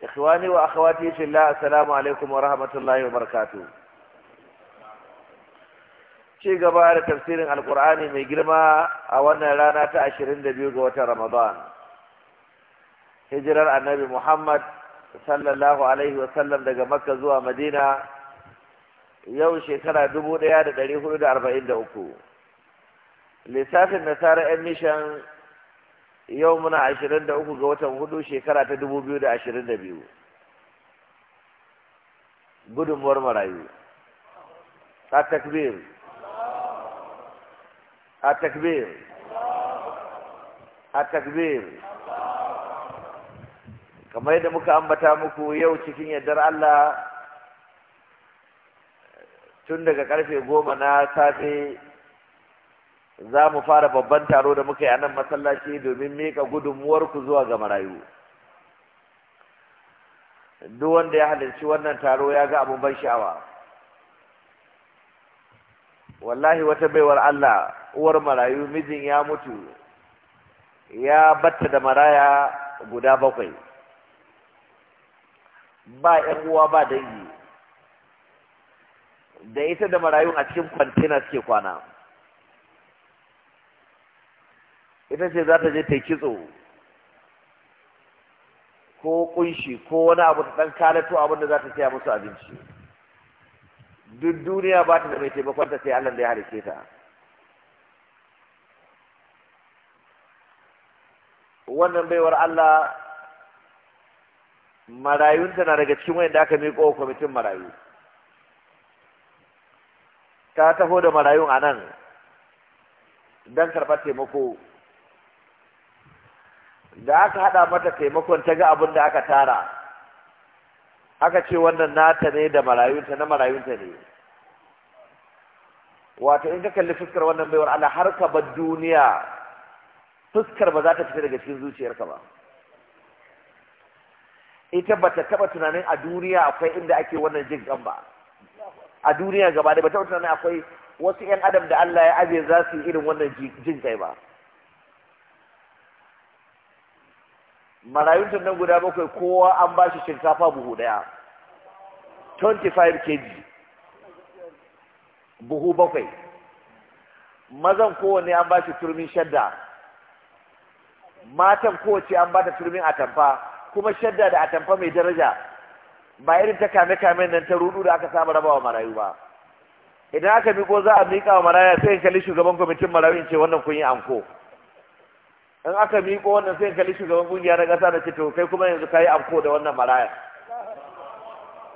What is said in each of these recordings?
ikhwani wa akhawati fillah assalamu alaikum wa rahmatullahi wa barakatuh ci gaba da tafsirin alkur'ani mai girma a wannan rana ta 22 ga watan ramadan hijirar annabi muhammad sallallahu alaihi daga makka zuwa madina yau shekara 1443 lissafin nasarar yan mishan yau muna ashirin da uku ga watan hudu shekara ta dubu biyu da ashirin da biyu gudunmuwar marayu a takbir a takbir a takbir kamar yadda muka ambata muku yau cikin yaddar Allah tun daga karfe goma na safe za mu fara babban taro da muka yi a nan masallaci domin mika ku zuwa ga marayu duk wanda ya halarci wannan taro ya ga abin ban sha'awa wallahi wata baiwar Allah uwar marayu mijin ya mutu ya batta da maraya guda bakwai ba ‘yan uwa ba dangi da ita da marayun a cikin kwantena suke kwana ita ce za ta je ta kitso ko kunshi ko wani abu ta dan kalato abin za ta saya musu abinci duk duniya ba ta da mai taimakon ta sai Allah da ya halice ta wannan baiwar Allah marayunta na daga cikin da aka miƙo a kwamitin marayu ta taho da marayun a nan don karɓar taimako da aka hada mata taimakon ta ga abin da aka tara aka ce wannan nata ne da marayunta na marayunta ne wato in ka kalli fuskar wannan baiwar ala har ka bar duniya fuskar ba za ta fita daga cikin zuciyarka ba ita ba ta taba tunanin a duniya akwai inda ake wannan jin kan ba a duniya gaba da ba ta tunanin akwai wasu 'yan adam da Allah ya aje za su yi irin wannan jin kai ba Marayunta nan guda bakwai kowa an ba shi shinkafa buhu daya 25 kg buhu bakwai mazan kowane an ba shi turmin shadda matan kowace an ba ta turmin atamfa kuma shadda da atamfa mai daraja ba irin ta kame-kame nan ta rudu da aka saba wa marayu ba idan aka miko za a miƙa wa maraya sai in kalli shugaban kwamitin marayu in ce wannan kun yi anko in aka miƙo wannan sai lishi shugaban kungiya na ƙasa da ce to kai kuma yanzu kayi amko da wannan maraya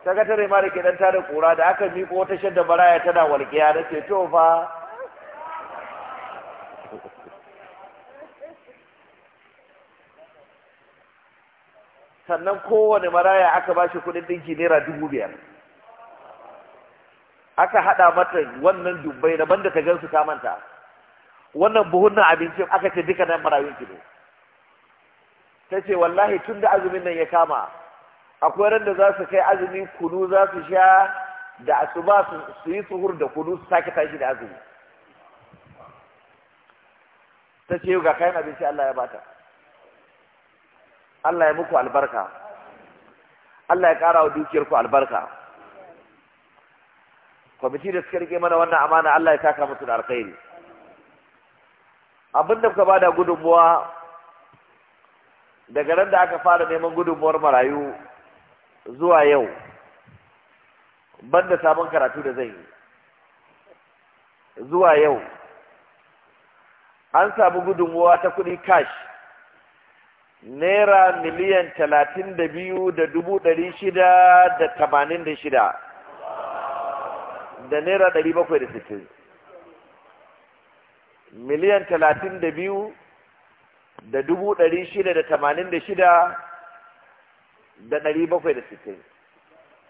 sakatare ma da ke dan tare kura da aka miƙo wata shadda maraya tana walƙiya na ce to fa sannan kowane maraya aka ba shi kuɗin ɗinki naira dubu biyar aka haɗa mata wannan dubbai na da ta gansu ta manta wannan buhun na abincin aka ce duka nan marayun ki ne ta ce wallahi tun da azumin nan ya kama akwai ran da za su kai azumi kunu za su sha da asuba su yi suhur da kunu su sake tashi da azumi ta ce ga kayan abinci Allah ya bata Allah ya muku albarka Allah ya ƙara wa dukiyarku albarka kwamiti da suka rike mana wannan amana Allah ya taka musu da alkhairi abin da kuka bada gudunmuwa daga nan da aka fara neman gudunmuwar marayu zuwa yau banda sabon karatu da zai yi zuwa yau an samu gudunmuwa ta kuɗi cash naira miliyan talatin da biyu da dubu ɗari shida da tamanin da shida da naira ɗari bakwai da sittin miliyan talatin da biyu da dubu ɗari shida da tamanin da shida da ɗari bakwai da sittin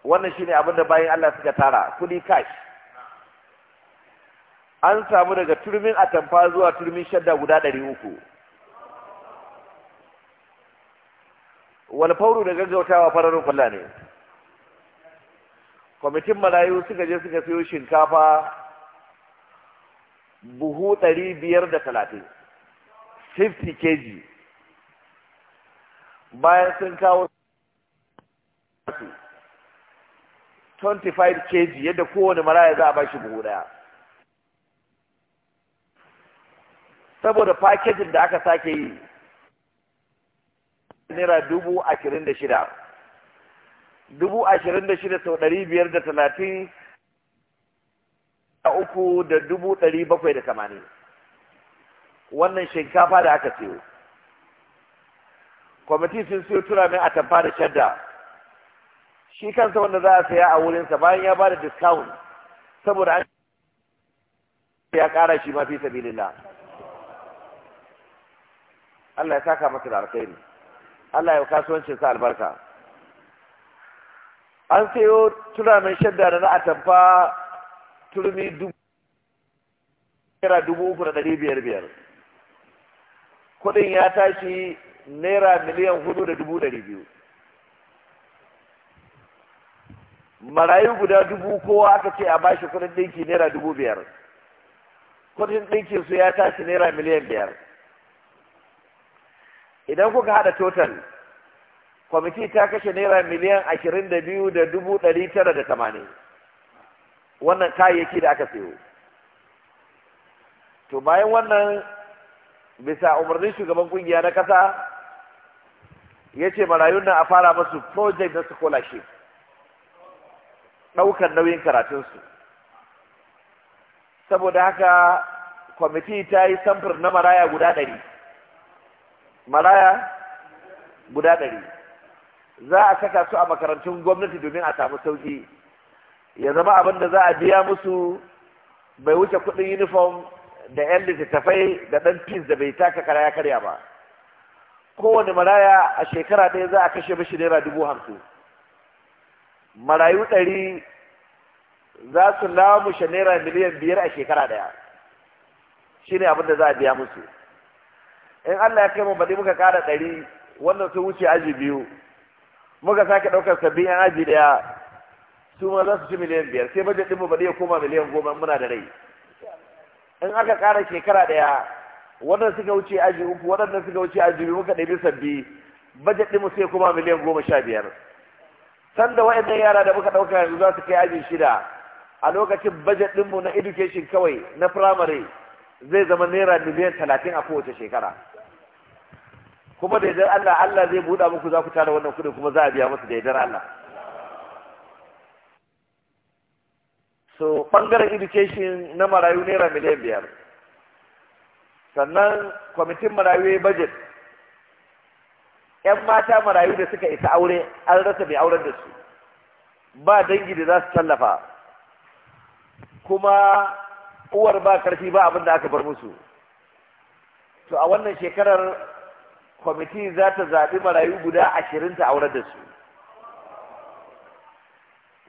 wannan shine abin da bayan Allah suka tara kuɗi cash an samu daga turmin atamfa zuwa turmin shadda guda ɗari uku walfauru da gaggautawa fararen kwalla ne kwamitin marayu suka je suka siyo shinkafa buhu ɗari biyar da talatin 50 kg bayan sun kawo 25 kg yadda kowane maraya za a ba shi buhu ɗaya. saboda fakejin da aka sake yi naira dubu ashirin da shida dubu ashirin da shida sau ɗari biyar da talatin uku da dubu ɗari bakwai da tamanin wannan shinkafa da aka siyo kwamiti sun siyo turamin a tamfa da shadda shi kansa wanda za a saya a wurinsa bayan ya ba da discount saboda an ya ƙara shi mafi sabilillah Allah ya saka masa da alkhairi Allah ya kasuwancin sa albarka an sayo mai shadda da na atamfa turmi dubu naira dubu uku da ɗari biyar biyar kuɗin ya tashi naira miliyan hudu da dubu ɗari biyu marayu guda dubu kowa aka ce a bashi kuɗin ɗinki naira dubu biyar kuɗin ɗinkin su ya tashi naira miliyan biyar idan kuka haɗa total kwamiti ta kashe naira miliyan ashirin da biyu da dubu ɗari tara da tamanin wannan kayayyaki da aka sayo to bayan wannan bisa umarnin shugaban kungiya na kasa ya ce marayun nan a fara masu project na scholarship ɗaukar nauyin karatunsu saboda haka kwamiti ta yi samfur na maraya guda ɗari maraya guda ɗari za a saka su a makarantun gwamnati domin a samu sauƙi ya zama abin da za a biya musu bai wuce kuɗin uniform da yan littattafai da ɗan fis da bai taka kara karya ba kowane maraya a shekara ɗaya za a kashe mashi naira dubu hamsin marayu ɗari za su lamushe naira miliyan biyar a shekara ɗaya shi ne abin da za a biya musu in allah ya kai mu baɗi muka kara ɗari wannan sun wuce aji biyu muka sake ɗaukar sabbin yan aji ɗaya su ma za su ci miliyan biyar sai bajet ɗinmu ba ya koma miliyan goma muna da rai in aka kara shekara daya wannan suka wuce aji uku wannan suka wuce aji biyu muka ɗabi sabbi bajet ɗinmu sai koma miliyan goma sha biyar sanda waɗannan yara da muka ɗauka yanzu za su kai aji shida a lokacin bajet ɗinmu na education kawai na primary zai zama naira miliyan talatin a kowace shekara kuma da idan Allah Allah zai buɗa muku za ku tara wannan kuɗin kuma za a biya musu da idan Allah so ɓangaren education na marayu naira miliyan biyar sannan kwamitin marayu ya budget ‘yan mata marayu da suka isa aure an rasa mai auren da su ba dangi da za su tallafa kuma uwar ba karfi ba abinda aka bar musu to a wannan shekarar kwamiti za ta zaɓi marayu guda ashirin ta aurar da su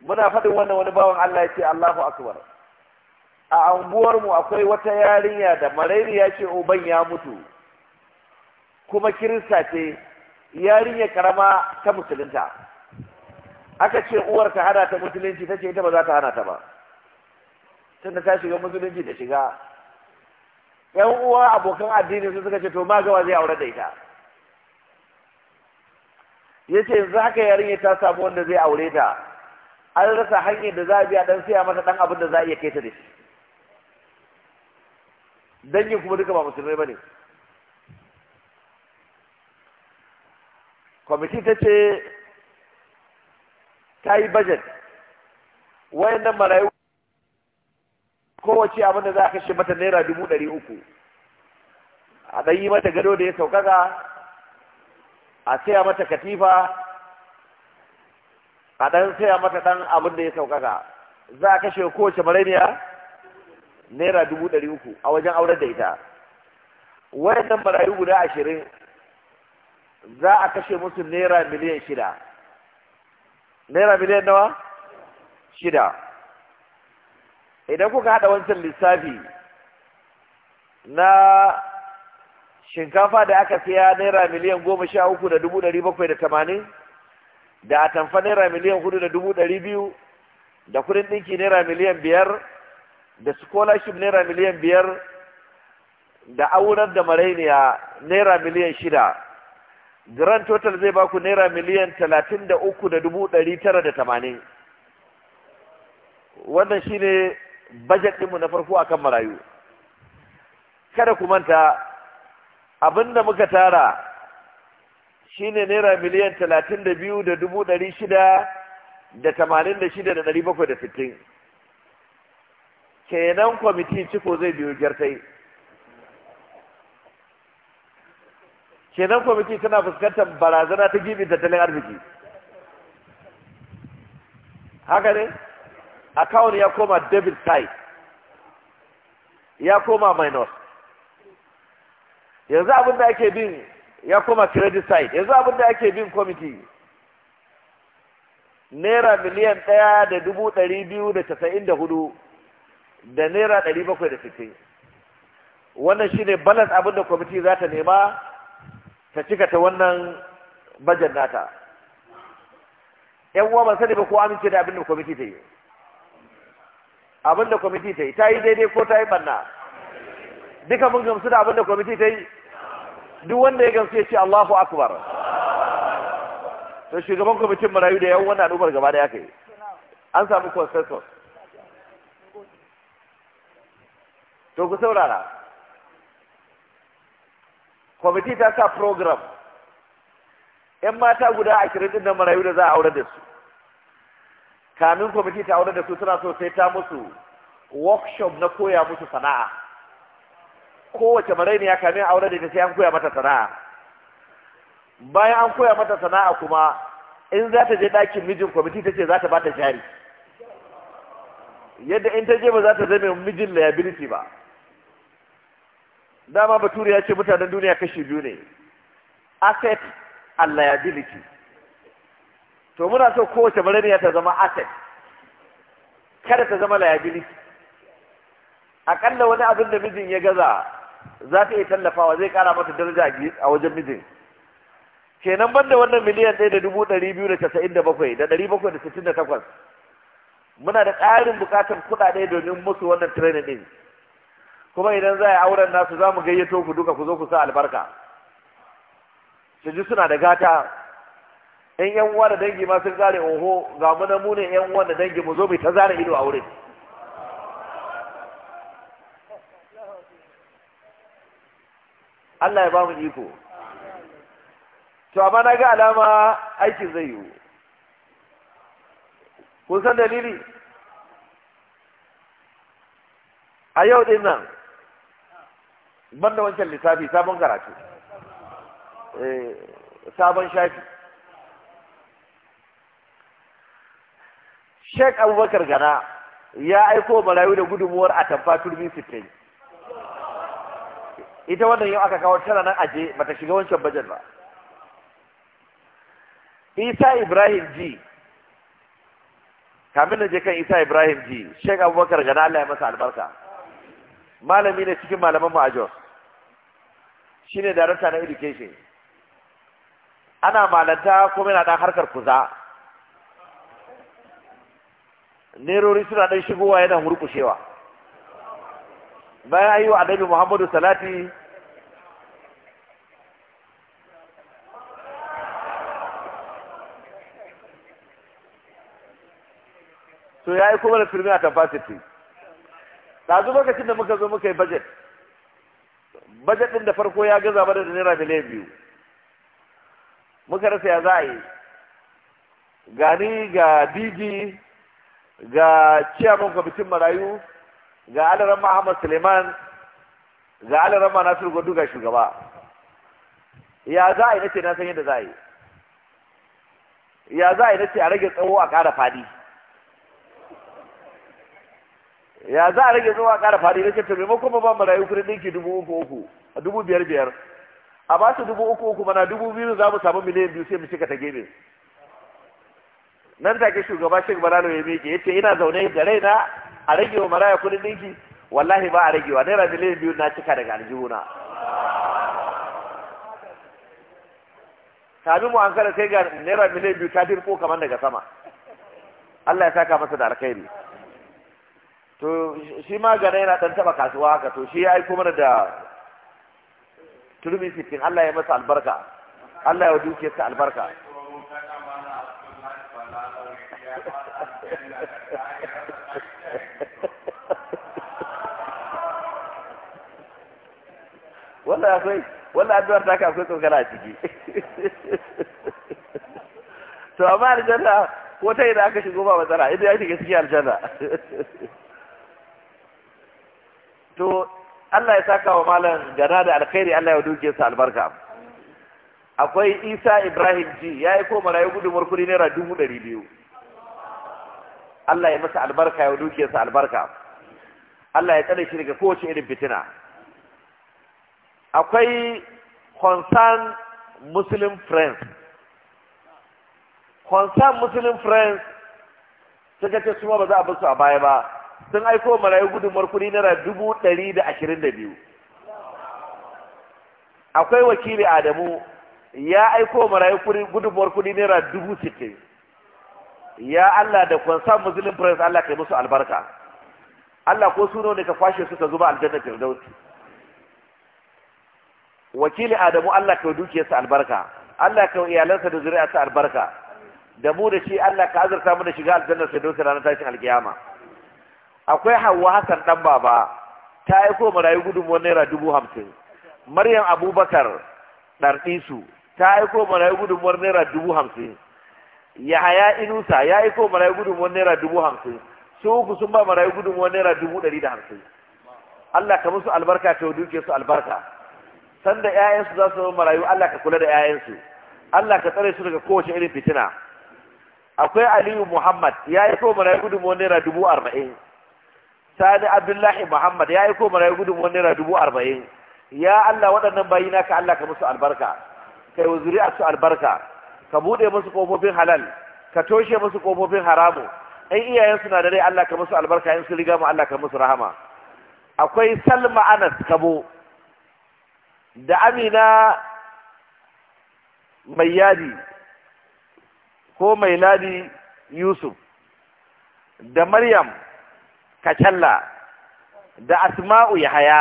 muna faɗin wannan wani bawan Allah ya ce Allahu akbar a anguwar mu akwai wata yarinya da ya ce uban ya mutu kuma kirista ce yarinya karama ta musulunta aka ce uwar ta hada ta musulunci ta ita ba za ta hana ta ba tunda ta shiga musulunci da shiga yan uwa abokan addini su suka ce to ma gawa zai aure da ita yace yanzu haka yarinya ta samu wanda zai aure ta an rasa hanyar da za a biya dan siya masa dan abin da za a iya kai ta da shi dangin kuma duka ba musulmai ba ne kwamiti ta ce ta yi bajet wayannan marayu kowace abin da za a kashe mata naira dubu ɗari uku a ɗan yi mata gado da ya sauƙaƙa a saya mata katifa a dan saya mata dan abin da ya saukaka za a kashe kowace marainiya naira dubu ɗari uku a wajen aurar da ita wayannan marayu guda ashirin za a kashe musu naira miliyan shida naira miliyan nawa shida idan kuka haɗa wancan lissafi na shinkafa da aka siya naira miliyan goma sha uku da dubu ɗari bakwai da tamanin da a tamfa naira miliyan hudu da dubu ɗari biyu da kudin ɗinki naira miliyan biyar da scholarship naira miliyan biyar da aunar da marainiya naira miliyan shida grand total zai baku naira miliyan talatin da uku da dubu ɗari tara da tamanin wannan shi ne bajet ɗinmu na farko akan marayu kada ku manta abin da muka tara Shi ne naira miliyan talatin da biyu da dubu ɗari shida da tamanin da shida da ɗari bakwai da sittin kenan kwamiti ciko zai biyo gyartai kenan kwamiti tana fuskantar barazana ta gibin tattalin arziki haka ne account ya koma debit side ya koma minus yanzu abin da ake bin ya koma credit side yanzu abin da ake bin kwamiti naira miliyan ɗaya da dubu ɗari biyu da casa'in da hudu da naira ɗari bakwai da sittin wannan shi ne balas abin da kwamiti za ta nema ta cika ta wannan bajan nata yan uwa ban sani ba ko amince da abin da kwamiti ta yi abin da kwamiti ta yi ta yi daidai ko ta yi banna duka mun gamsu da abin da kwamiti ta yi duk wanda ya gamsu ya ce Allahu akbar to shugaban kwamitin marayu da yawon wannan al'ummar gaba da ya kai an samu consensus to ku saurara kwamiti ta sa program yan mata guda ashirin din dinnan marayu da za a aure da su kamin kwamiti ta aure da su suna so sai ta musu workshop na koya musu sana'a kowace ya kame aure da ita sai an koya mata sana'a bayan an koya mata sana'a kuma in za ta je ɗakin mijin kwamiti ta ce za ta bata jari yadda in ta je ba za ta zame mijin liability ba dama bature ya ce mutanen duniya kashi biyu ne asset a liability to muna so kowace maraniya ta zama asset kada ta zama liability akalla wani abin da mijin ya gaza za ta iya tallafawa zai kara mata daraja a wajen mijin kenan da wannan miliyan ɗaya da dubu ɗari biyu da casa'in da bakwai da ɗari bakwai da sittin da takwas muna da ƙarin buƙatar kuɗaɗe domin musu wannan training ɗin kuma idan za a yi auren nasu za mu gayyato ku duka ku zo ku sa albarka su ji suna da gata in yan uwa da dangi ma sun gane oho ga mu na mu ne yan uwa da dangi mu zo mu ta zana ido a wurin Allah ya ba mu iko to amma na ga alama aikin zai yiwu kun san dalili a yau din nan ban da wancan lissafi sabon karatu eh, sabon shafi Sheikh Abubakar Gana ya aiko malayu da gudunmuwar tamfa turmi sittin ita wannan yau aka kawo tana nan aje bata shiga wancan bajet ba isa ibrahim ji kamin na je kan isa ibrahim ji sheikh abubakar gana allah ya masa albarka malami ne cikin malaman mu a jos shine darakta na education ana malanta kuma yana dan harkar kuza nerori suna dan shigowa yana murkushewa bayan yiwa annabi muhammadu salati to ya yi kuma da firmina capacity ɗazu lokacin da muka zo muka yi budget budget ɗin da farko ya gaza bada da naira miliyan biyu muka rasa ya za a yi gani ga dg ga ciyaman kwamitin marayu ga alarama mahammad suleiman ga alarama nasiru gwadu ga shugaba ya za a yi nace na san yadda za a yi ya za a yi nace a rage tsawo a ƙara fadi ya za a rage zuwa ƙara fadi nake to maimakon ba ba marayu kuɗin ɗinki dubu uku uku dubu biyar biyar a ba su dubu uku uku mana dubu biyu za mu samu miliyan biyu sai mu cika ta gini nan take shugaba Sheikh Balalo ya miƙe ce ina zaune da raina a rage wa maraya kuɗin ɗinki wallahi ba a rage wa naira miliyan biyu na cika daga aljihuna kamin mu an kada sai ga naira miliyan biyu ta dirko kamar daga sama Allah ya saka masa da alkhairi to shi ma gane yana dan taba kasuwa haka to shi ya aiko mana da turbi sittin Allah ya masa albarka Allah ya sa albarka wannan akwai wannan addu'ar ta ka akwai kankana a ciki to amma aljanna ko ta yi da aka shigo ba matsala idan ya shiga cikin aljanna to Allah ya saka wa malam gana da alkhairi Allah ya duke sa albarka akwai Isa Ibrahim ji ya yi ko marayu gudumar kudi naira dubu ɗari biyu Allah ya masa albarka ya duke sa albarka Allah ya tsare shi daga kowace irin fitina akwai concern Muslim friends concern Muslim friends suka ce su ba za a bar su a baya ba sun aiko marayu gudunmar kuɗi naira dubu ɗari da ashirin da biyu akwai wakili adamu ya aiko marayu gudunmar kuɗi naira dubu sittin ya allah da kwansan muslim prince allah kai musu albarka allah ko suno ne ka kwashe su ka zuba aljanna firdausi wakili adamu allah kai dukiyarsa albarka allah kai iyalansa da zuri'arsa albarka da mu da shi allah ka azurta mu da shiga aljanna firdausi ranar tashin alkiyama akwai hawa hassan dan baba ta aiko marayu gudunmuwar naira dubu hamsin maryam abubakar ɗarɗisu ta aiko marayu gudunmuwar naira dubu hamsin yahaya inusa ya aiko marayu gudunmuwar naira dubu hamsin su uku sun ba marayu gudunmuwar naira dubu ɗari da hamsin allah ka musu albarka ta duke su albarka sanda 'ya'yansu za su zama marayu allah ka kula da 'ya'yansu allah ka tsare su daga kowace irin fitina akwai aliyu muhammad ya aiko marayu gudunmuwar naira dubu arba'in sani abdullahi muhammad ya aiko mana ya gudun wani naira dubu arba'in ya allah waɗannan bayi ka allah ka musu albarka kai wa zuri'a su albarka ka buɗe musu ƙofofin halal ka toshe musu ƙofofin haramu in iyayen suna da rai allah ka musu albarka in su riga mu allah ka musu rahama akwai salma anas kabo da amina mai yadi ko mai ladi yusuf da maryam kacalla da asma'u yahaya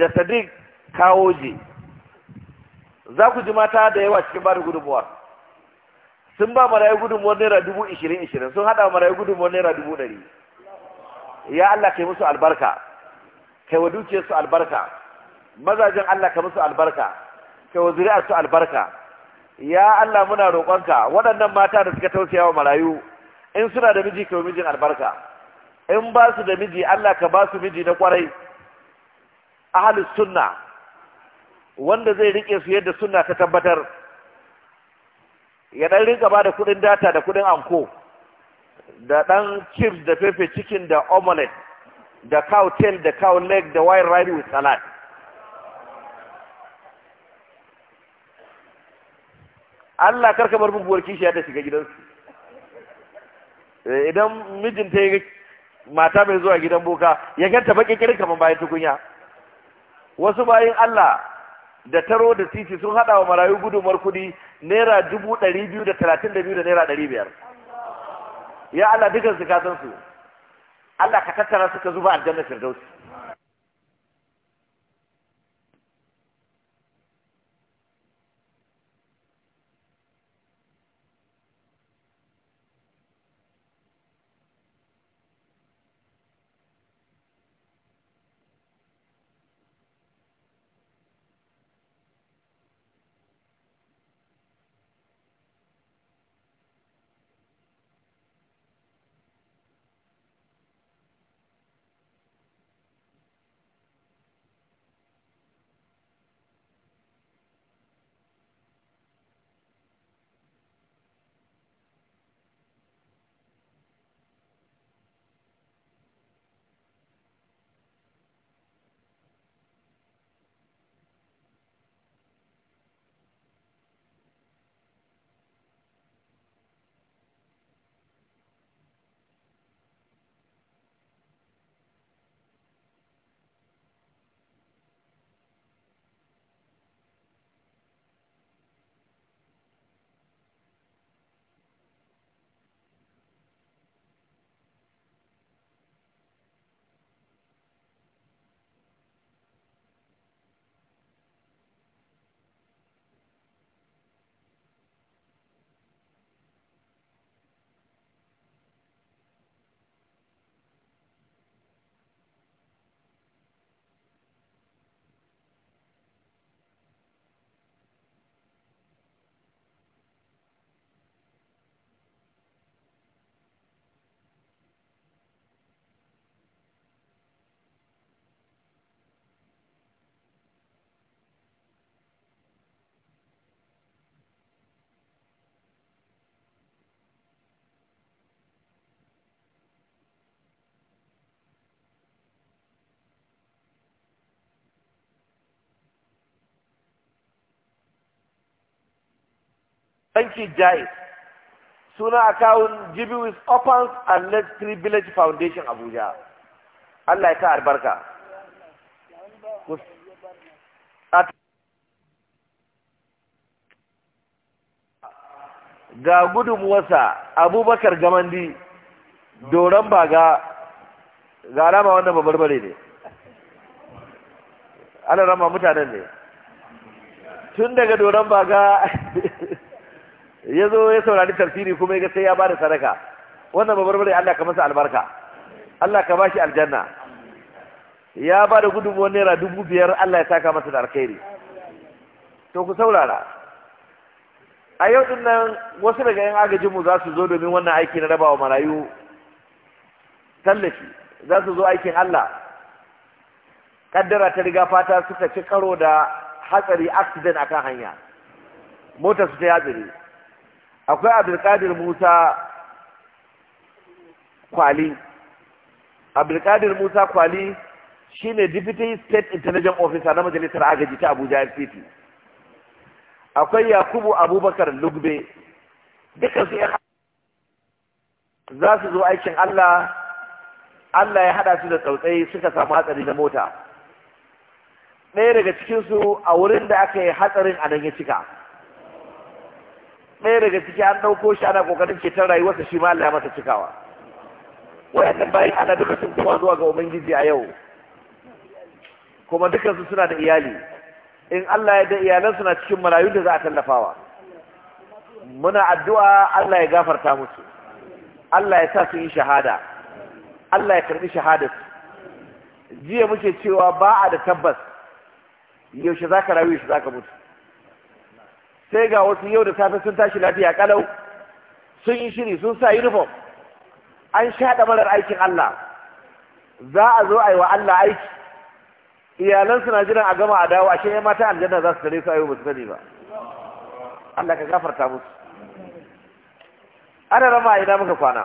da sadiq Kawoji za ku ji mata da yawa cikin ba da gudunmuwa sun ba marayu gudunmuwar naira dubu ishirin ishirin sun haɗa marayu gudunmuwar naira dubu ɗari ya Allah kai musu albarka kai wa dukiyarsu albarka mazajen Allah kai musu albarka kai wa zuri'arsu albarka ya Allah muna roƙonka waɗannan mata da suka tausaya wa marayu in suna da miji kai wa mijin albarka in ba su da miji Allah ka ba su miji na kwarai ahlus sunna wanda zai rike su yadda sunna ta tabbatar ya dan rinka ba da kudin data da kudin anko da dan chips da pepe chicken da omelette da cow tail da cow leg da white rice with salad Allah karka bar bubuwar kishiya da shiga gidansu eh, idan mijin ta yi. mata mai zuwa gidan boka ya ganta baki kirin kamar bayan tukunya wasu bayan Allah da taro da titi sun hada wa marayu gudumar kudi naira dubu ɗari biyu da talatin da biyu da naira ɗari biyar ya Allah dukansu ka san su Allah ka tattara suka zuba aljanna firdausi Thank you, Jai. Suna akawun GBWIS Opens and Let's Three Village Foundation Abuja. Allah ya ka albarka. Ga gudunmuwarsa Abubakar Gamandi, doron baga, ga alama wannan babbar bare ne. Ana rama mutanen ne. Tun daga doron baga ya zo ya saurari tafsiri kuma ya sai ya bada sadaka wannan babarbare Allah ka masa albarka Allah ka bashi aljanna ya bada gudunmuwar naira dubu biyar Allah ya saka masa da alkhairi to ku saurara a yau din nan wasu daga yan agajinmu za su zo domin wannan aiki na rabawa marayu tallafi za su zo aikin Allah kaddara ta riga fata suka ci karo da hatsari accident akan hanya motar su ta hatsari akwai abdulkadir musa kwali abdulkadir musa kwali shine deputy state intelligence officer na majalisar agaji ta abuja city akwai yakubu abubakar lugbe dukkan su za su zo aikin allah allah ya hada su da tsautsayi suka samu hatsari na mota ɗaya daga cikinsu a wurin da aka yi hatsarin a nan ya cika ɗaya daga ciki an ɗauko shi ana ƙoƙarin ceton rayuwarsa shi ma Allah ya masa cikawa wayannan bayan ana duka sun kuma zuwa ga ubangiji a yau kuma dukansu suna da iyali in Allah ya da iyalansu na cikin marayu da za a tallafawa muna addu'a Allah ya gafarta musu Allah ya sa su yi shahada Allah ya karɓi shahadarsu jiya muke cewa ba a da tabbas yaushe za ka rayu yaushe za ka mutu sai ga wasu yau da safe sun tashi lafiya kalau sun yi shiri sun sa uniform an shaɗa marar aikin Allah za a zo a yi wa Allah aiki iyalan suna jiran a gama a dawo ashe ya mata aljanna za su tare su ayo su gani ba Allah ka gafarta musu ana rama ina muka kwana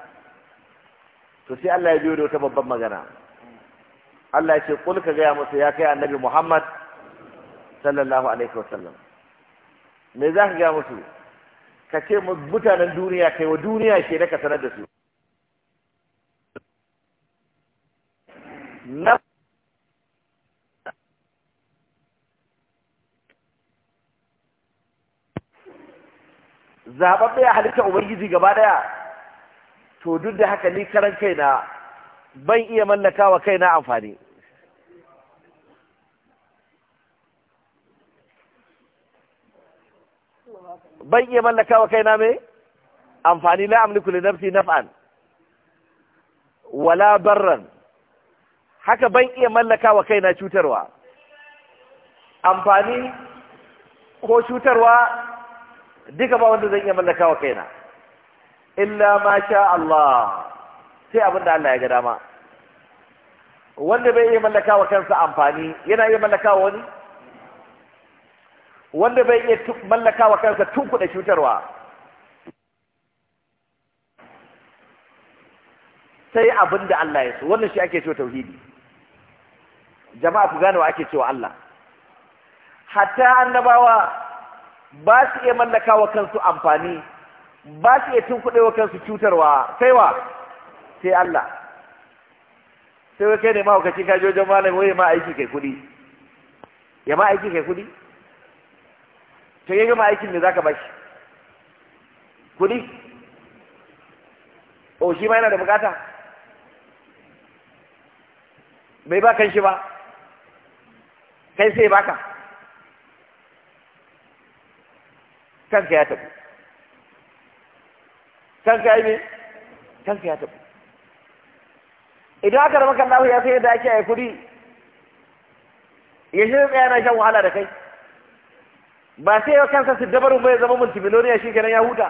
to sai Allah ya biyo da wata babban magana Allah ya ce kul ka gaya musu ya kai annabi Muhammad sallallahu alaihi wa sallam. me za ka gaya musu ka ce mutanen duniya kai wa duniya ke da ka sanar da su na zaɓaɓɓe a halitta ubangiji gaba ɗaya to duk da haka ni karan kaina ban iya mallaka wa kaina amfani ban iya mallaka wa kaina mai amfani la amliku li nafsi naf'an wala barran haka ban iya mallaka wa kaina cutarwa amfani ko cutarwa duka ba wanda zan iya mallaka wa kaina illa ma sha Allah sai abin da Allah ya ga dama wanda bai iya mallaka wa kansa amfani yana iya mallaka wa wani wanda bai iya mallaka wa kansa tun cutarwa sai abin da Allah ya so wannan shi ake cewa tauhidi jama'a ku gane wa ake cewa Allah hatta annabawa ba su iya mallaka wa kansu amfani ba su iya tunkuɗe wa kansu cutarwa sai wa sai Allah sai wai kai ne ma hukaci ka jojon malam wai ma aiki kai kuɗi ya ma aiki kai kuɗi to ya gama aikin ne za ka bashi kuɗi o shi ma yana da bukata bai ba kan shi ba kai sai baka kanka ya tafi kanka ya me kanka ya tafi, idan aka rama kallahu ya sai da ake a kuɗi ya shi tsaya na shan wahala da kai ba sai ya kansa su dabaru bai zama multimiloniya shi kenan ya huta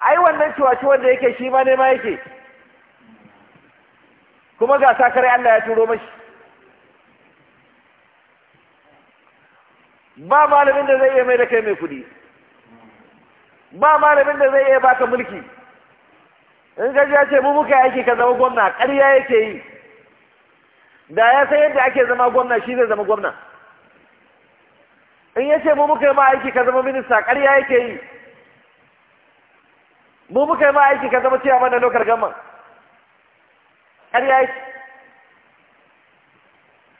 ai wannan ciwaci wanda yake shi ma nema yake kuma ga sakar Allah ya turo mashi ba malamin da zai iya mai da kai mai kuɗi ba malamin da zai iya baka mulki in gaji ji ce mu muka aiki ka zama gwamna ƙarya yake yi da ya san yadda ake zama gwamna shi zai zama gwamna in ya ce mu muka yi ma aiki ka zama minista ƙarya yake yi mu muka yi ma aiki ka zama ciyaman na lokar gama ƙarya yake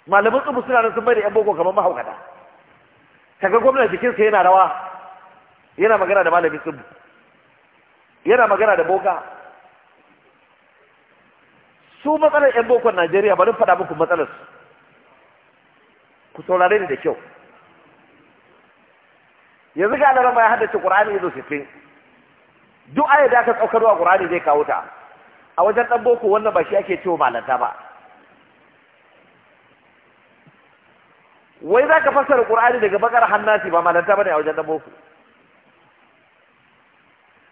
malamin tsubu suna nan sun bai da yan boko kamar mahaukata kaga gwamna jikinsa yana rawa yana magana da malamin sun yana magana da boka su matsalar yan bokon najeriya bari faɗa muku matsalar su ku saurare ni da kyau yanzu ga alarama ya haddace ƙur'ani ya zo sifin duk ayyar da aka tsaukarwa ƙur'ani zai kawo ta a wajen ɗan boko wannan ba shi ake cewa malanta ba wai za ka fassara ƙur'ani daga bakar hannasi ba malanta ba ne a wajen ɗan boko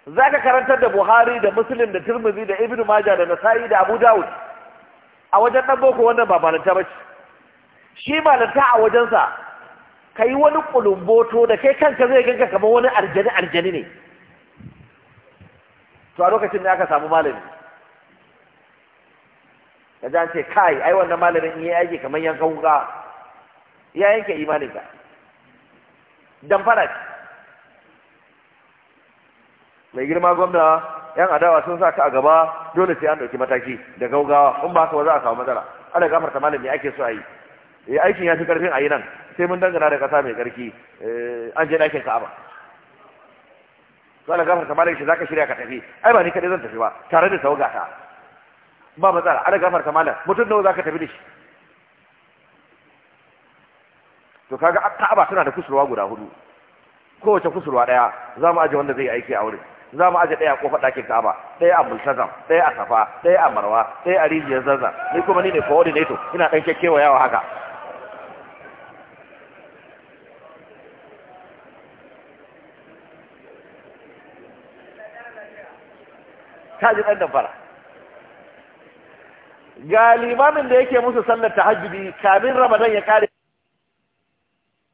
za ka karantar da buhari da muslim da turmuzi da ibn majah da nasa'i da abu dawud a wajen ɗan boko wannan ba malanta ba ce shi malanta a wajensa ka yi wani kulumboto da kai kanka zai ganka kamar wani arjani arjani ne to a lokacin ne aka samu malami ka ji an ce kai ai wannan malamin in yi aiki kamar yankan wuka ya yanke imaninka damfara ce mai girma gwamna yan adawa sun sa ka a gaba dole sai an dauki mataki da gaugawa in ba haka ba za a samu matsala ana gafarta malami ake so a yi eh aikin ya fi karfin a yi nan sai mun dangana da kasa mai karfi eh, an je dakin ka'aba sai gafarta malami shi zaka shirya ka tafi ai ba ni kadai zan tafi ba tare da ta ba matsala ana gafarta malam mutum nawa zaka tafi da shi to kaga ka'aba tana da kusurwa guda hudu kowace kusurwa daya za mu aje wanda zai aiki a wurin za mu aje ɗaya kofar ɗakin ka'aba ɗaya a multazam ɗaya a safa ɗaya a marwa ɗaya a rijiyar zaza ni kuma ni ne coordinator ina ɗan yawa haka ta ji ɗan damfara ga limamin da yake musu sallar tahajjudi kamin ramadan ya kare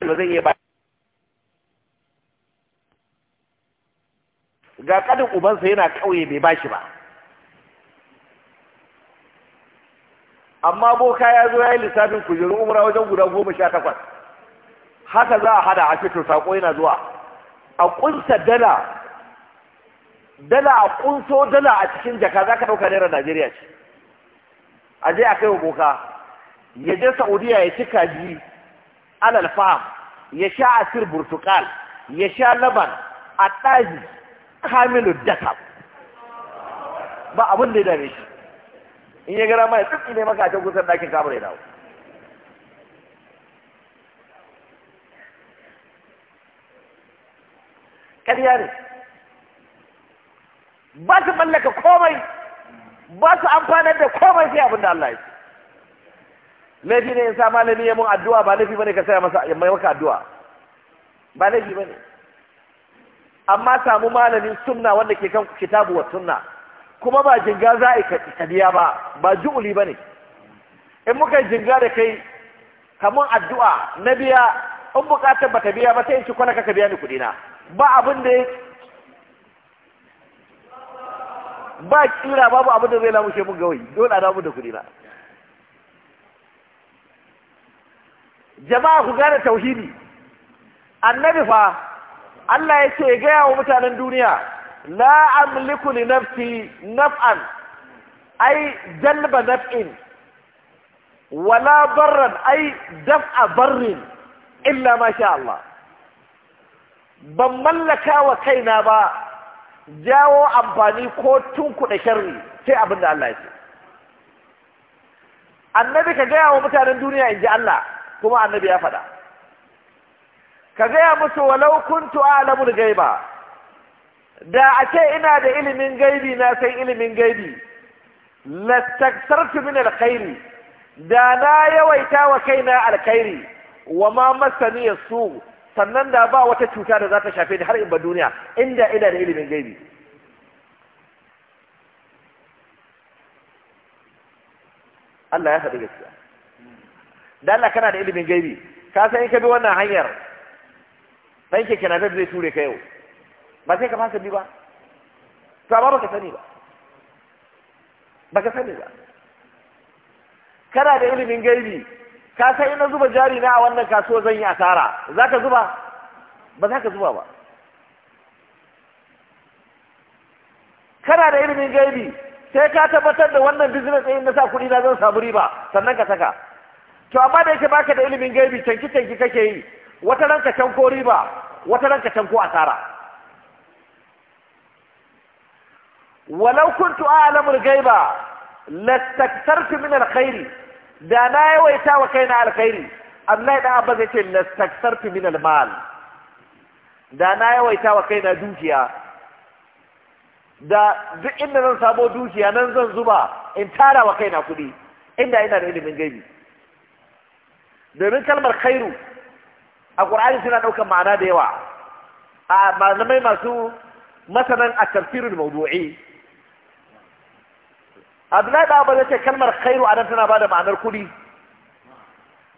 ba zai iya ga kadin ubansa yana kauye bai bashi ba amma boka ya zo ya yi lissafin kujerun umra wajen guda goma sha takwas haka za a hada a fito sako yana zuwa a kunsa dala dala a kunso dala a cikin jaka za ka ɗauka naira najeriya ce a je a kai wa boka ya je saudiya ya ci kaji alal ya sha asir burtukal ya sha laban a ɗaji kamilu daka ba abin da ya dame shi in ya gara mai tsitsi ne maka ta kusan dakin kamar ya dawo ƙarya ne ba su mallaka komai ba su amfanar da komai sai abin da Allah ya ce laifi ne in sa malami ya mun addu'a ba laifi bane ka saya masa ya mai maka addu'a ba laifi bane amma samu malamin sunna wanda ke kan kitabu wa sunna kuma ba jinga za a kadiya ba ba ju'uli bane in muka jinga da kai kamar addu'a na biya in bukatar ta biya ba sai in ci kwana ka biya ni kudi na ba abin da ba kira babu abin da zai lamushe mun gawai dole a damu da kudi na jama'a ku gane tauhidi annabi fa Allah ya ce gaya wa mutanen duniya la amliku li nafsi naf'an ai jalba naf'in wala barran ai daf'a barrin illa ma sha Allah ban mallaka wa kaina ba jawo amfani ko da sharri sai abin da Allah ya ce annabi ka gaya wa mutanen duniya in ji Allah kuma annabi ya faɗa ka gaya musu walau kuntu alamul gaiba da a ce ina da ilimin gaibi na sai ilimin gaibi lastaksartu min alkhairi da na yawaita wa kaina alkhairi wa ma masani su sannan da ba wata cuta da za ta shafe ni har in ba duniya inda ina da ilimin gaibi Allah ya faɗi gaskiya da Allah kana da ilimin gaibi ka san in ka bi wannan hanyar dan keke na zai ture ka yau ba sai ka fasa bi ba to amma baka sani ba baka sani ba kana da ilimin gaibi ka san ina zuba jari na a wannan kasuwa zan yi asara za ka zuba ba za ka zuba ba kana da ilimin gaibi sai ka tabbatar da wannan business ɗin na sa kuɗi na zan samu riba sannan ka saka to amma da yake baka da ilimin gaibi tanki tanki kake yi wata ran ka ko riba wata ran ka ko asara walau kuntu a'lamul ghaiba lastaktartu min alkhairi da na yawaita wa kaina alkhairi Abdullahi dan zai yace lastaktartu min almal da na yawaita wa kaina dukiya da duk inda zan samo dukiya nan zan zuba in tara wa kaina kuɗi inda ina da ilimin gaibi domin kalmar khairu a ƙur'ani suna ɗaukar ma'ana da yawa a malamai masu masanan a tafsirin mawdu'i abdullahi da abin ce kalmar kairu a nan tana ba da ma'anar kuɗi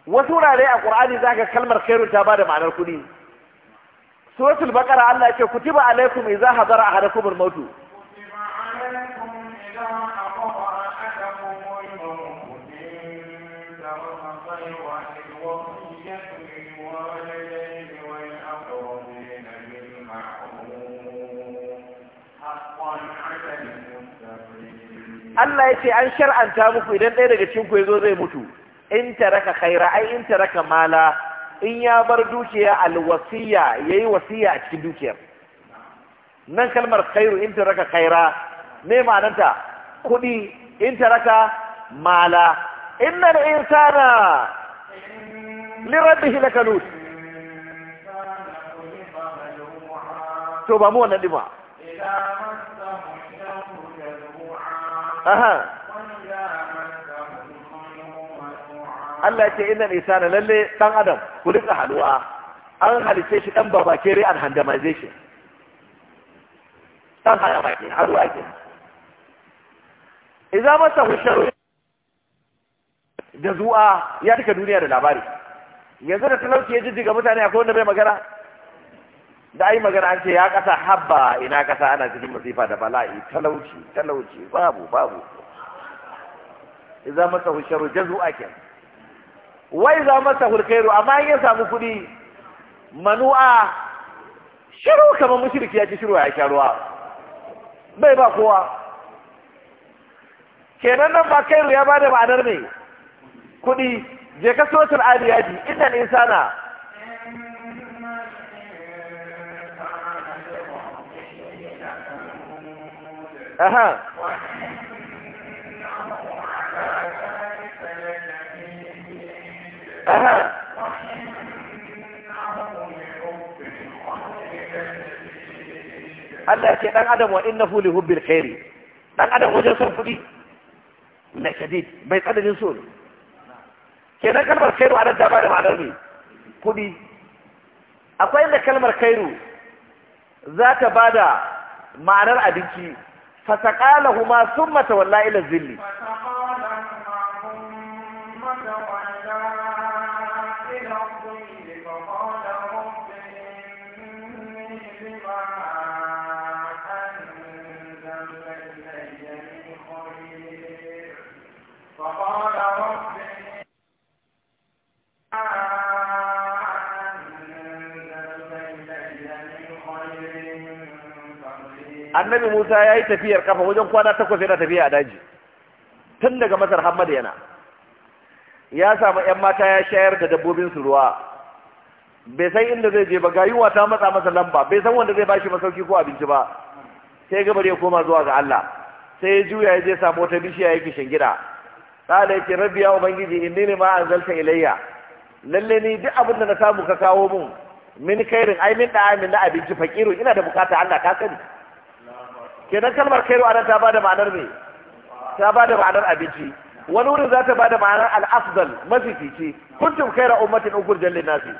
wasu wurare a ƙur'ani za ka kalmar kairu ta ba da ma'anar kuɗi suratul baqara Allah ya ce kutiba alaikum idza hadara ahadakum al a hada kubur Allah ya ce an shar'anta muku idan ɗaya daga cikin ku zo zai mutu in taraka khaira ai in taraka mala in ya bar dukiya alwasiya yayi wasiya a cikin dukiyar nan kalmar khairu in taraka khaira me ma'anarta kuɗi in taraka mala innal insana lirabbihi lakanut to ba mu wannan dima aha Allah ya ce inna insana lalle dan adam ku rika halwa an halice shi dan babakere an alhandamization dan hayamaki halwa ke idza masa hushar da zuwa ya duka duniya da labari yanzu da talauci ya jijjiga mutane akwai wanda bai magana da ai magana an ce ya kasa habba ina kasa ana cikin masifa da bala'i talauci talauci babu babu idza masahu sharru jazu ake wa idza masahu alkhairu amma in ya samu kudi manu'a shiru kamar mushriki ya ci shiru ya sha ruwa bai ba kowa kenan nan ba kairu ya bada ma'anar ne kudi je ka ya ji idan insana aha aha Allah ce dan adam wa innahu li hubbil khairi dan adam wajen son kudi na shadid bai tsananin so ne kenan kalmar khairu a da ba da ma'anar ne kudi akwai inda kalmar khairu za ta ba da ma'anar abinci sun mata tawalla ila zilli annabi musa ya yi tafiyar kafa wajen kwana takwas yana tafiya a daji tun daga masar hamad yana ya samu 'yan mata ya shayar da dabbobinsu ruwa bai san inda zai je ba ga yiwa ta matsa masa lamba bai san wanda zai bashi masauki ko abinci ba sai gabar ya koma zuwa ga Allah sai ya juya ya je samu wata bishiya yake gida. kala yake rabbi ya ubangiji inni ne ma anzalta ilayya lalle ni duk abin da na samu ka kawo mun min kairin ai min da na abinci fakiru ina da bukata Allah ka sani kenan kalmar kairu anan ta bada ma'anar me ta bada ma'anar abinci wani wurin za ta bada ma'anar al'afdal mafifici kuntum kaira ummatin ukur jallin nasi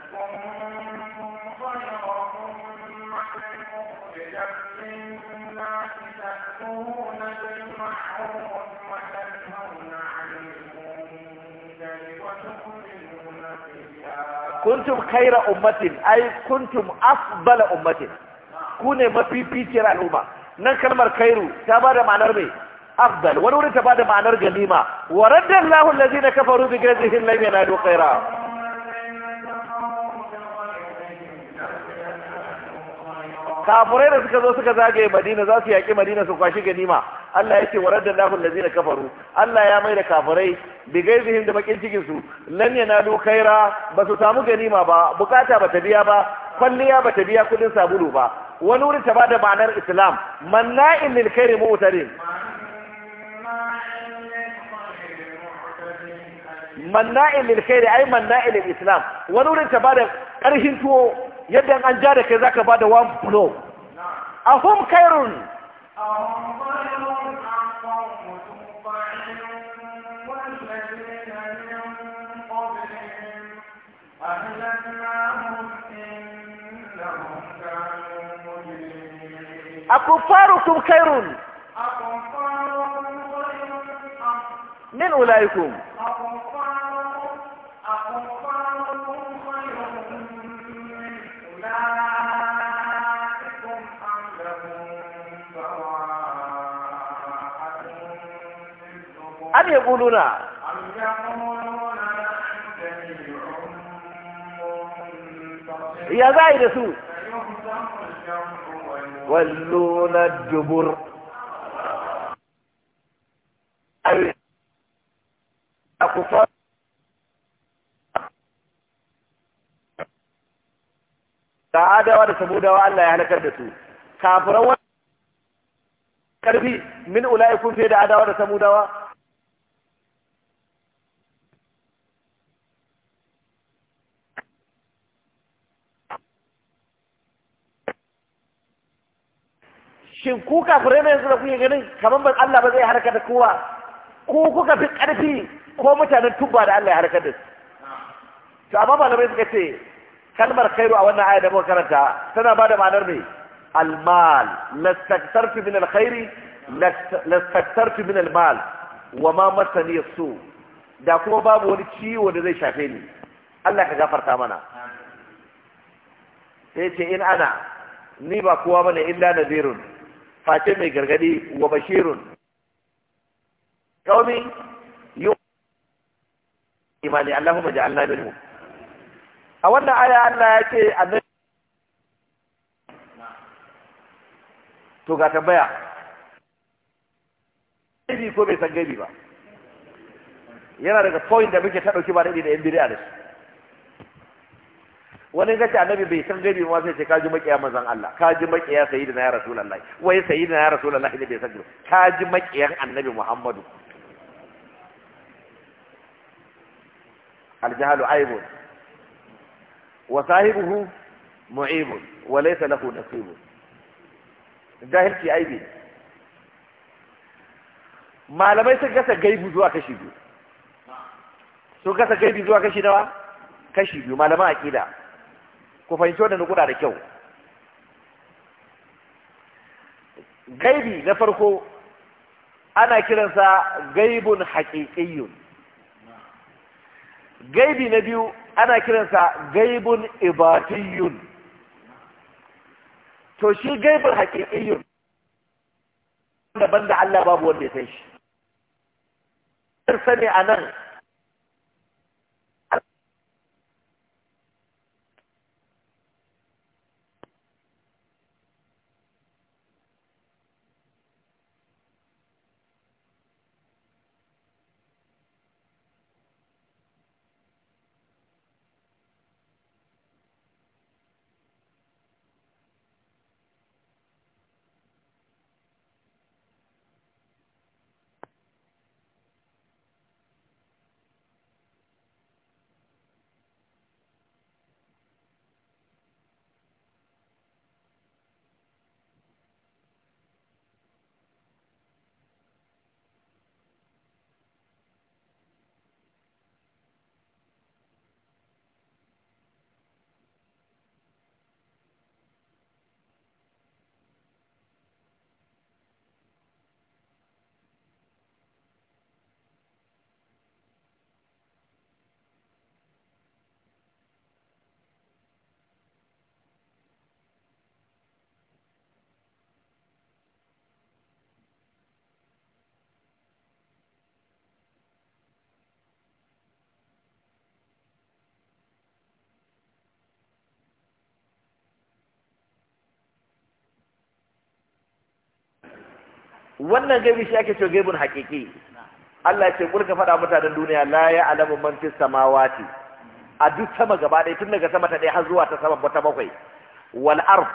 kuntum kaira ummatin ai kuntum afdala ummatin ku ne mafificiyar al'umma nan kalmar Kairu ta ba da ma'anar mai afdal wani wuri ta ba da ma'anar ganima wa raddallahu allazina kafaru bi ghazihim lam yanalu khaira kafirai da suka zo suka zagaye madina za su yaƙi madina su kwashi ganima Allah ya ce wa radda lahu allazina kafaru Allah ya mai da kafirai bi gaizihim da bakin cikin su lan yanalu khaira ba su samu ganima ba bukata ba ta biya ba kwalliya ba ta biya kudin sabulu ba wani wurin ta bada ma'anar islam manna'in lil khairi mu'tadin manna'in lil khairi ai manna'in lil islam wani wurin ta bada karhin tuwo yadda an ja da kai zaka bada one blow ahum khairun ahum khairun أكفاركم خير من أولئكم أم يقولون يا زايد سوء يولون الدبر أقصى adawa da samudawa Allah ya halakar da su kafiran wani karfi min ula'ikun fiye da adawa da samudawa shin ku kafirai ne yanzu da kuke ganin kamar ban Allah ba zai harkar da kowa ku kuka fi ƙarfi ko mutanen tuba da Allah ya harkar da su to amma malamai suka ce kalmar khairu a wannan aya da muka karanta tana bada ma'anar me? almal lastaktartu min alkhairi lastaktartu min almal wa ma masani su da kuma babu wani ciwo da zai shafe ni Allah ka gafarta mana sai ce in ana ni ba kowa bane illa nadirun face mai gargadi wa bashirun kaumi yu imani Allahumma ja'alna Mu. a wannan aya Allah ya ce annabi to ga tambaya gaibi ko bai san gabi ba yana daga point da muke taɗauki ba ba daɗi da yan a da su wani gaci annabi bai san gaibi ma sai ce kaji makiya manzon Allah kaji makiya sayyidina ya rasulullahi wai sayyidina ya rasulullahi ne bai san gaibi kaji makiyan annabi Muhammadu aljahalu aibun wa sahibuhu mu'ibun wa laysa lahu nasibun jahilci aibi malamai sun gasa gaibu zuwa kashi biyu sun gasa gaibi zuwa kashi nawa kashi biyu malaman aqida ku fahimci wannan nukuda da kyau gaibi na farko ana kiransa gaibun haƙiƙiyun gaibi na biyu ana kiransa gaibun ibatiyun to shi gaibun haƙiƙiyun daban da Allah babu wanda ya san shi sani a nan wannan gaibi shi ake cewa gaibun haƙiƙi Allah ya ce kurka faɗa mutanen duniya la ya alamu man fi samawati a duk sama gaba ɗaya tun daga sama ta ɗaya har zuwa ta sama ta bakwai wal ard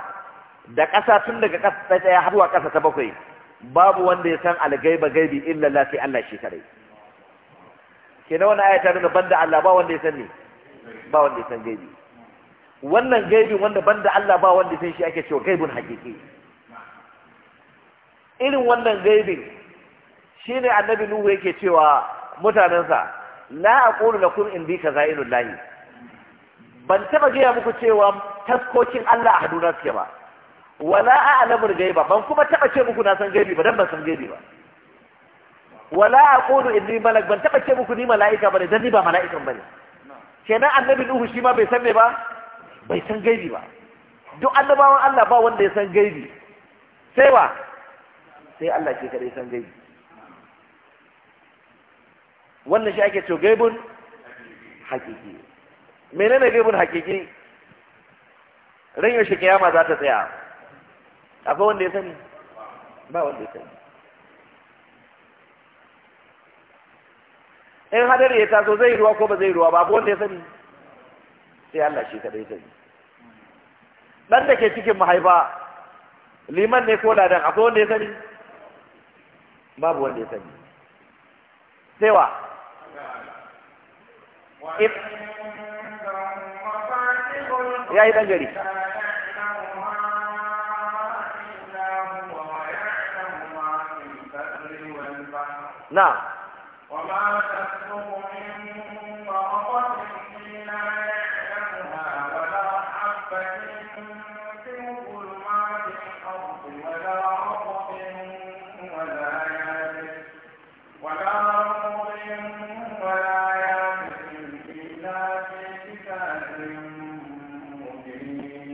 da ƙasa tun daga ƙasa ta ɗaya har zuwa ƙasa ta bakwai babu wanda ya san algaiba gaibi illa la sai Allah shi kadai kenan wannan wani ta nuna banda Allah ba wanda ya san ne ba wanda ya san gaibi wannan gaibin wanda banda Allah ba wanda ya san shi ake cewa gaibun haƙiƙi irin wannan gaibin shine annabi nuhu yake cewa mutanensa la aqulu lakum indi kaza'ilul lahi ban taba gaya muku cewa taskokin Allah a haduna suke ba wala a'lamul gaiba ban kuma taba ce muku na san gaibi ba dan ban san gaibi ba wala aqulu inni malak ban taba ce muku ni mala'ika bane dan ni ba mala'ikan bane kenan annabi nuhu shi ma bai san me ba bai san gaibi ba duk annabawan Allah ba wanda ya san gaibi sai wa sai Allah ke kadai san gaibi wannan shi ake cewa gaibun hakiki menene gaibun hakiki ran yaushe kiyama za ta tsaya akwai wanda ya sani ba wanda ya sani in hadar ya taso zai ruwa ko ba zai ruwa ba Akwai wanda ya sani sai Allah shi kadai sani dan da ke cikin mahaifa liman ne ko ladan akwai wanda ya sani babu wanda ya sani sai wa ya yi ɗan gari na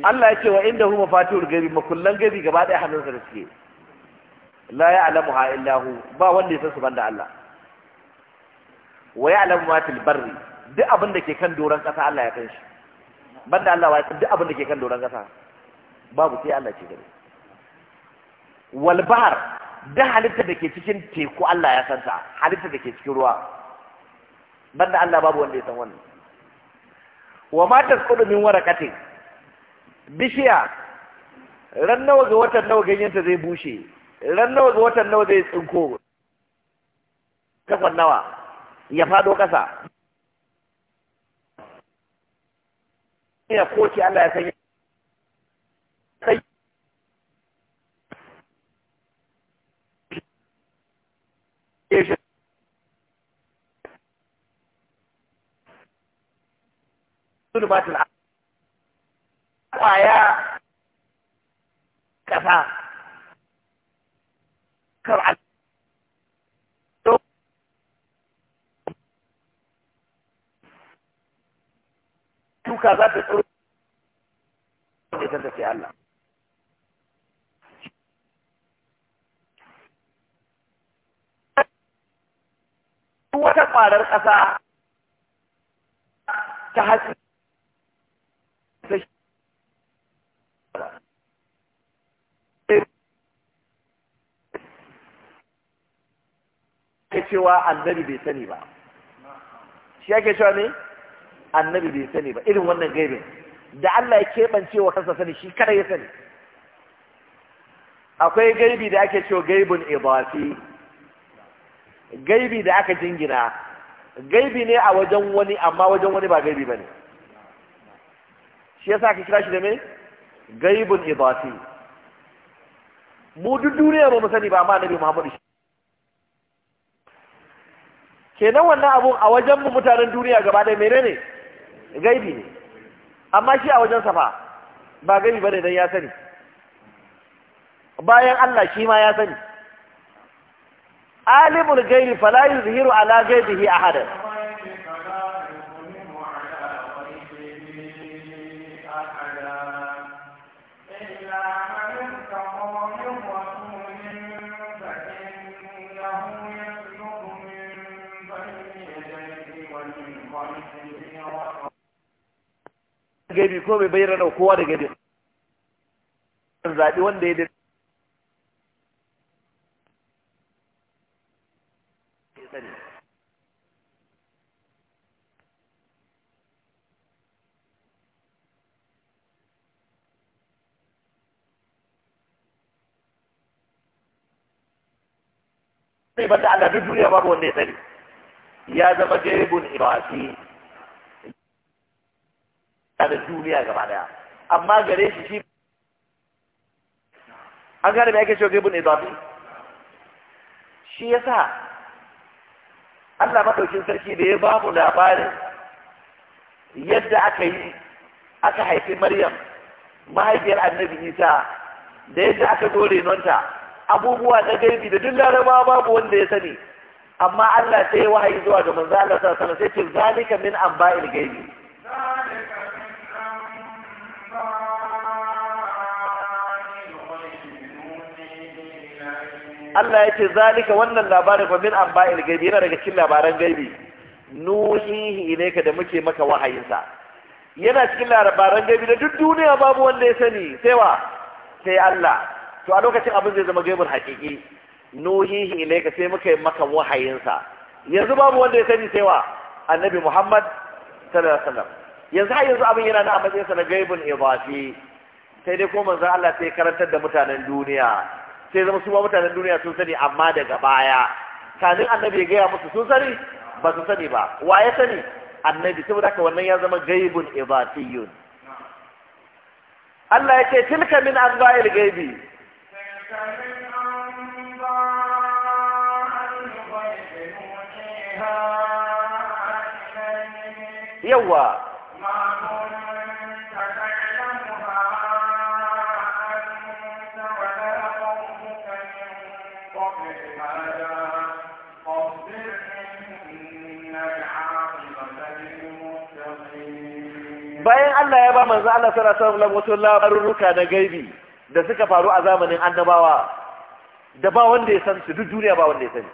Allah ya ce wa inda hu mafatihul gabi makullan gabi gaba ɗaya hannunsa da suke la ya'lamu ha illa hu ba wanda ya san su banda Allah wa ya'lamu ma fil barri duk abin da ke kan doron kasa Allah ya san shi banda Allah wa duk abin da ke kan doron kasa babu sai Allah ce gare wal bahr da halitta da ke cikin teku Allah ya san ta halitta da ke cikin ruwa banda Allah babu wanda ya san wannan wa ma tasqudu min warakatin bishiya ran nawa ga watan nawa ganyenta zai bushe ran nawa ga watan nawa zai tsinko takwan nawa ya fado kasa ya koki Allah ya sanya Tudu batin kwaya kasa kar a tuka za ta tsoro da ta tafi Allah wata kwarar ƙasa ta hatsi ake cewa annabi bai sani ba shi ake cewa ne annabi bai sani ba irin wannan gaibin da Allah ya keɓance wa kansa sani shi kada ya sani akwai gaibi da ake cewa gaibin ibafi gaibi da aka jingina gaibi ne a wajen wani amma wajen wani ba gaibi ba ne shi yasa aka kira shi da mai gaibin ibafi mu duk duniya ba mu sani ba amma annabi Muhammadu shi kenan wannan abun a wajen mu mutanen duniya gaba ɗaya menene gaibi ne amma shi a wajen safa ba gaibi bane dan ya sani bayan Allah shi ma ya sani alimul gaibi fala yuzhiru ala gaibihi ahada gaibi ko bai bayyana da kowa da gaibi zaɓi wanda ya sani ba ta duniya babu wanda ya sani ya zama jeribun irasi na da duniya gaba daya amma gare shi shi an gane mai ake shi gaibun idafi shi yasa Allah madaukin sarki da ya babu labarin yadda aka yi aka haifi Maryam mahaifiyar Annabi Isa da yadda aka dore nonta abubuwa na gaibi da duk larabawa babu wanda ya sani amma Allah sai wahayi zuwa ga manzo Allah sallallahu alaihi wasallam sai ce zalika min amba'il gaibi Allah ya ce zalika wannan labarin fa min amba'il gaibi yana daga cikin labaran gaibi nuhihi ilayka da muke maka wahayinsa yana cikin labaran gaibi da duk duniya babu wanda ya sani sai wa sai Allah to a lokacin abin zai zama gaibul haqiqi nuhihi ilayka sai muka yi maka wahayinsa yanzu babu wanda ya sani sai wa annabi Muhammad sallallahu alaihi wasallam yanzu har yanzu abin yana na a matsayinsa na gaibul idafi sai dai ko manzon Allah sai karantar da mutanen duniya sai zama su ma mutanen duniya sun sani amma daga baya kanin annabi ya gaya musu sun sani ba su sani ba wa ya sani annabi saboda haka wannan ya zama gaibun ibatiyun Allah ya ce tilka min anba'il gaibi yawa Allah ya ba manzo Allah sallallahu alaihi wasallam wasu labaruruka na gaibi da suka faru a zamanin annabawa da ba wanda ya san su duk duniya ba wanda ya sani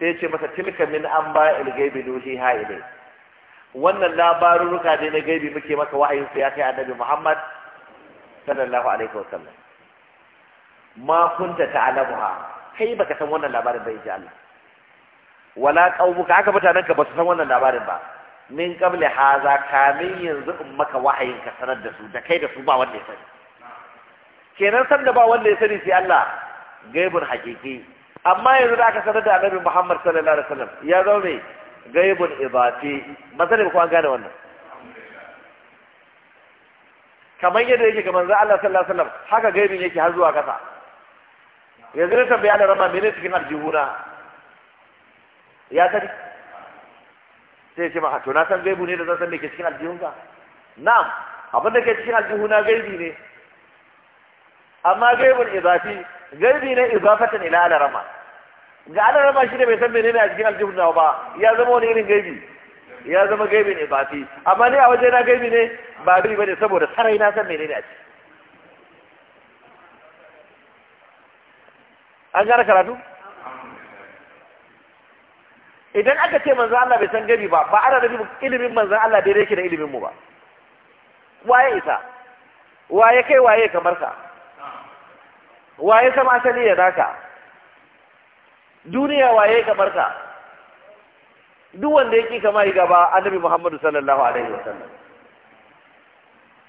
sai ya ce masa tilka min an ba gaibi nuhi haile wannan labaruruka ne na gaibi muke maka wa'ayin su ya kai annabi Muhammad sallallahu alaihi wasallam ma kunta ta'lamuha kai baka san wannan labarin ba ji Allah wala qaumuka haka mutanen ka ba su san wannan labarin ba min qabli haza kamin yanzu in maka wahayin ka sanar da su da kai da su ba wanda ya sani kenan san da ba wanda ya sani sai Allah gaibun hakiki amma yanzu da aka sanar da Annabi Muhammad sallallahu alaihi wasallam ya zo ne gaibun ibati masalan ko an gane wannan kamar yadda yake kamar za' Allah sallallahu alaihi wasallam haka gaibin yake har zuwa kasa yanzu ne tambaya da rama menene cikin aljihuna ya sani sai ce maka to na san gaibu ne da zan san me ke cikin aljihunka na'am abin da ke cikin na gaibi ne amma gaibun izafi gaibi ne izafatan ila alarama ga alarama shi ne bai san menene a cikin na ba ya zama wani irin gaibi ya zama gaibi ne amma ni a waje na gaibi ne ba bi bane saboda sarai na san menene a ciki an gara karatu idan aka ce manzo Allah bai san gari ba ba ana da ilimin manzo Allah bai yake da ilimin mu ba waye isa waye kai waye kamar ka waye sama asali ya naka duniya waye kamar ka duk wanda yake kama yi gaba annabi Muhammadu sallallahu alaihi wasallam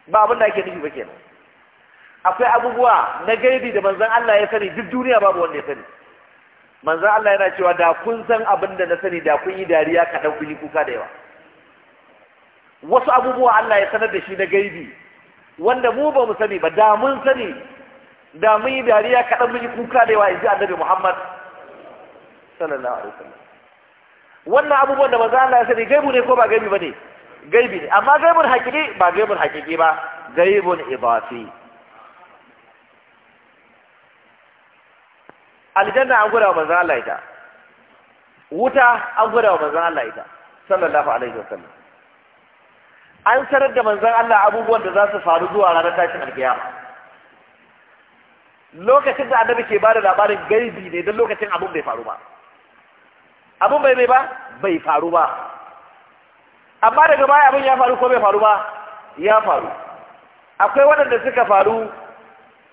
ba abin da ake nufi ba kenan akwai abubuwa na gaibi da manzon Allah ya sani duk duniya babu wanda ya sani manzo Allah yana cewa da kun san abin da na sani da kun yi dariya ka kun yi kuka da yawa wasu abubuwa Allah ya sanar da shi na gaibi wanda mu ba mu sani ba da mun sani da mun yi dariya ka mun yi kuka da yawa in ji annabi Muhammad sallallahu alaihi wasallam wannan abubuwan da manzo Allah ya sani gaibu ne ko ba gaibi bane gaibi ne amma gaibun hakiki ba gaibun hakiki ba gaibun ibafi aljanna an gwada wa manzon Allah ita wuta an gwada wa manzon Allah ita sallallahu alaihi wasallam an sanar da manzon Allah abubuwan da za su faru zuwa ranar tashin alkiyama lokacin da annabi ke bada labarin gaibi ne don lokacin abun bai faru ba abun bai mai ba bai faru ba amma daga baya abin ya faru ko bai faru ba ya faru akwai waɗanda suka faru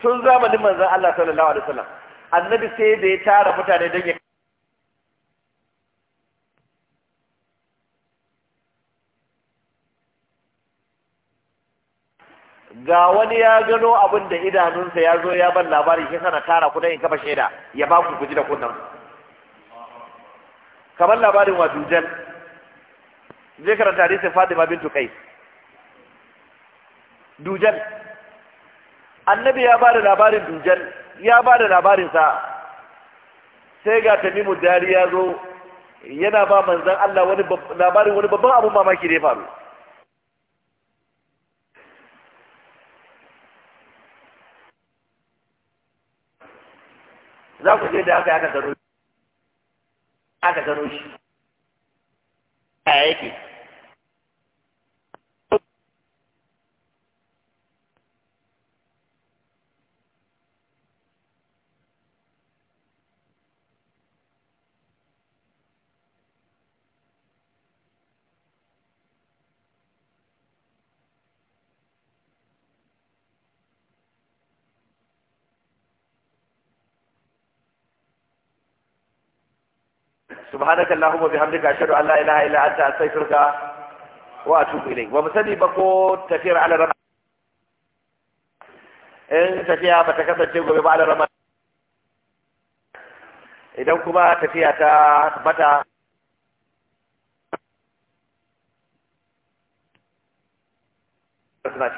tun zamanin manzon Allah sallallahu alaihi wasallam annabi sai da ya tara mutane don ya ga wani ya gano abin da idanunsa ya zo ya ban labari shi sana tara kudin in kafa shaida ya ba ku guji da kunnan kamar labarin wa jan zai karanta hadisin Fadima bintu Kai. dujan annabi ya ba da labarin dujan ya ba da labarinsa sai ga tamimu dari ya zo yana ba manzan Allah wani labarin wani babban abun mamaki da ya faru za ku ce da aka aka gano shi aka gano shi a yake سبحانك اللهم وبحمدك اشهد ان لا اله الا انت استغفرك واتوب اليك على in tafiya ba ta kasance gobe ba idan kuma tafiya ta bata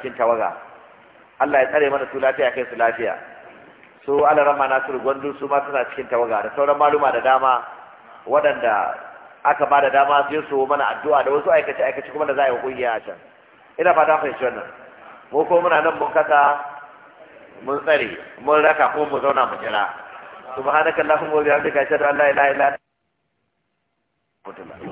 cikin tawaga Allah ya tsare mana su lafiya kai su lafiya su alarama nasiru gwandu su ma suna cikin tawaga da sauran maluma da dama waɗanda aka ba da dama yi su mana addu'a da wasu aikace aikace kuma da za a yi kungiya a can ina fata fahimci wannan mu ko muna nan mun kasa mun tsare mun raka ko mu zauna mu jira subhanakallahumma wa bihamdika ashhadu an la ilaha illa anta